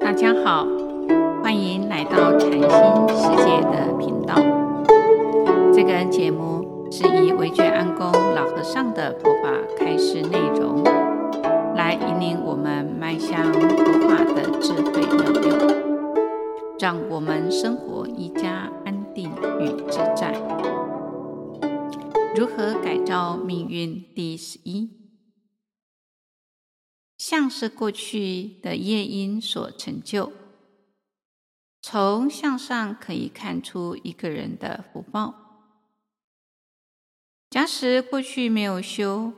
大家好，歡迎來到禪心世界的頻道。這個節目是以惟覺安公老和尚的佛法開示內容，來引領我們邁向佛法的智慧妙用，讓我們生活更加安定與自在。如何改造命運？第十一。相是過去的業因所成就，從相上可以看出一個人的福報。假使過去沒有修，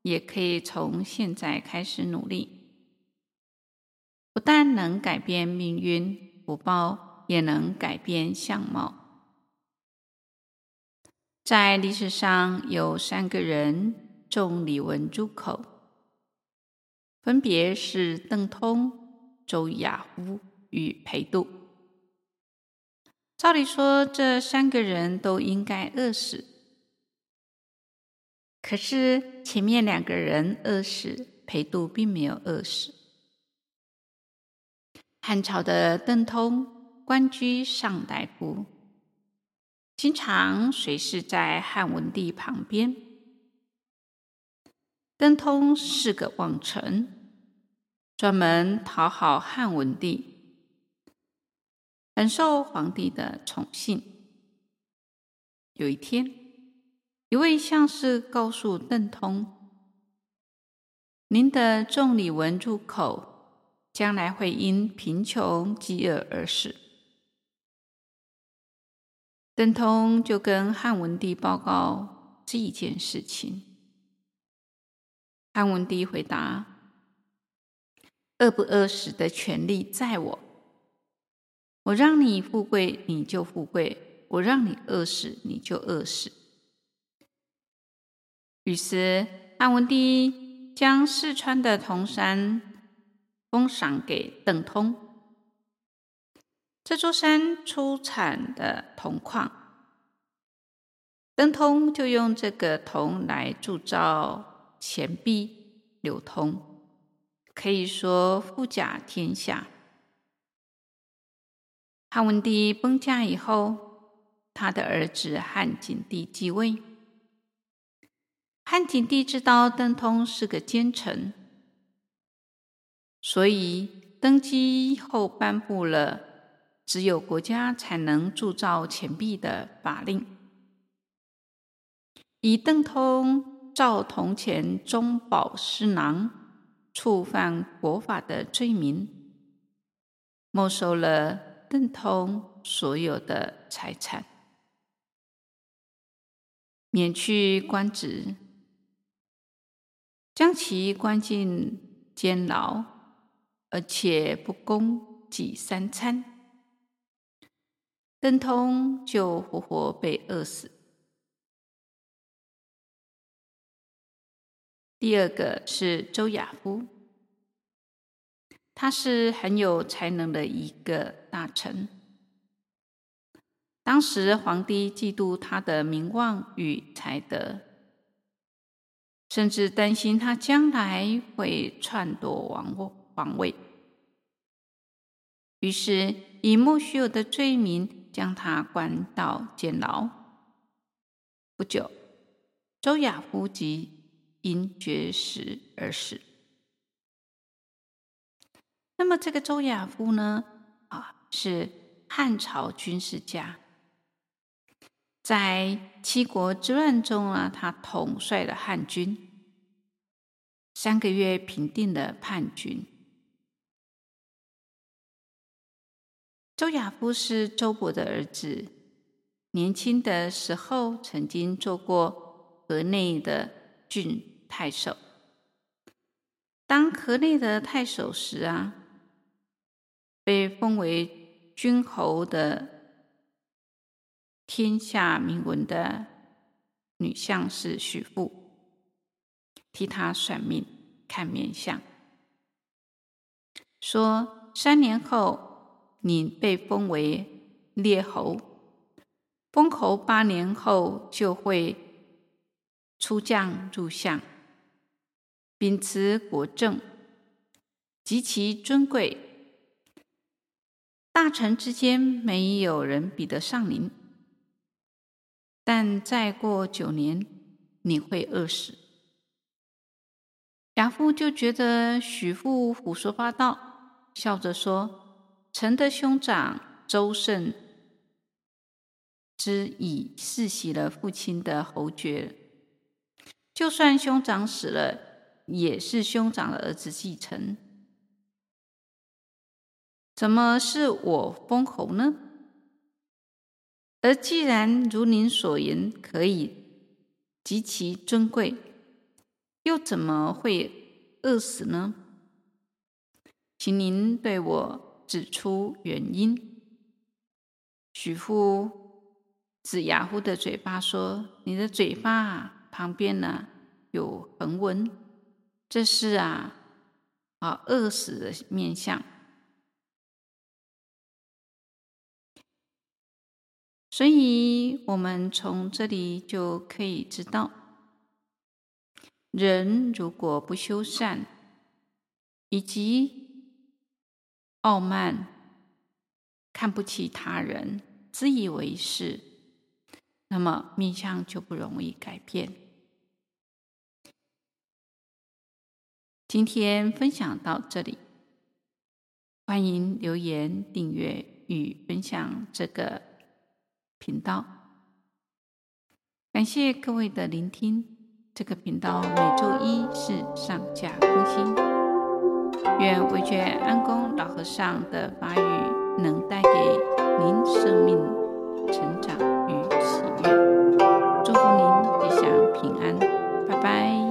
也可以從現在開始努力，不但能改變命運福報，也能改變相貌。在歷史上有三個人縱理紋入口。分別是鄧通、周亞夫與裴度。照理說，這三個人都應該餓死。可是前面兩個人餓死，裴度並沒有餓死。漢朝的鄧通，官居上大夫，經常隨侍在漢文帝旁邊。鄧通是個佞臣，專門討好漢文帝，很受皇帝的寵幸。有一天，一位相士告訴鄧通：“您的縱理紋入口，將來會因貧窮飢餓而死。”鄧通就跟漢文帝報告這一件事情。漢文帝回答：“餓不餓死的權利在我，我讓你富貴你就富貴，我讓你餓死你就餓死。”於是漢文帝將四川的銅山封賞給鄧通，這座山出產的銅礦，鄧通就用這個銅來鑄造。錢幣流通，可以說富甲天下。漢文帝崩駕以後，他的兒子漢景帝繼位。漢景帝知道鄧通是個奸臣，所以登基後頒布了只有國家才能鑄造錢幣的法令，以鄧通造銅錢中飽私囊、觸犯國法的罪名，沒收了鄧通所有的財產，免去官職，將其關進監牢，而且不供給三餐，鄧通就活活被餓死。第二個是周亞夫，他是很有才能的一個大臣。當時皇帝嫉妒他的名望與才德，甚至擔心他將來會篡奪王位，於是以莫須有的罪名將他關到監牢。不久，周亞夫即因絕食而死。那麼這個周亞夫呢，啊，是漢朝軍事家，在七國之亂中啊，他統帥了漢軍，三個月平定了叛軍。周亞夫是周勃的兒子，年輕的時候曾經做過河內的郡太守，當河內的太守時啊，被封為君侯的天下名聞的女相士許負，替他算命看面相，說，三年後你被封為列侯，封侯八年後就會出將入相，秉持國政，極其尊貴，大臣之間沒有人比得上您。但再過九年，你會餓死。亞夫就覺得許負胡說八道，笑着說：“臣的兄長周勝之已世襲了父親的侯爵，就算兄長死了。”也是兄長的兒子繼承，怎麼是我封侯呢？而既然如您所言可以極其尊貴，又怎麼會餓死呢？請您對我指出原因。許負指亞夫的嘴巴說：“你的嘴巴旁邊呢、啊，有橫紋。”這是啊，啊餓死的面相。所以我們從這裡就可以知道，人如果不修善，以及傲慢、看不起他人、自以為是，那麼面相就不容易改變。今天分享到這裡，歡迎留言、訂閱與分享這個頻道。感謝各位的聆聽。這個頻道每周一是上架更新。願惟覺安公老和尚的法語能帶給您生命成長與喜悅。祝福您吉祥平安，拜拜。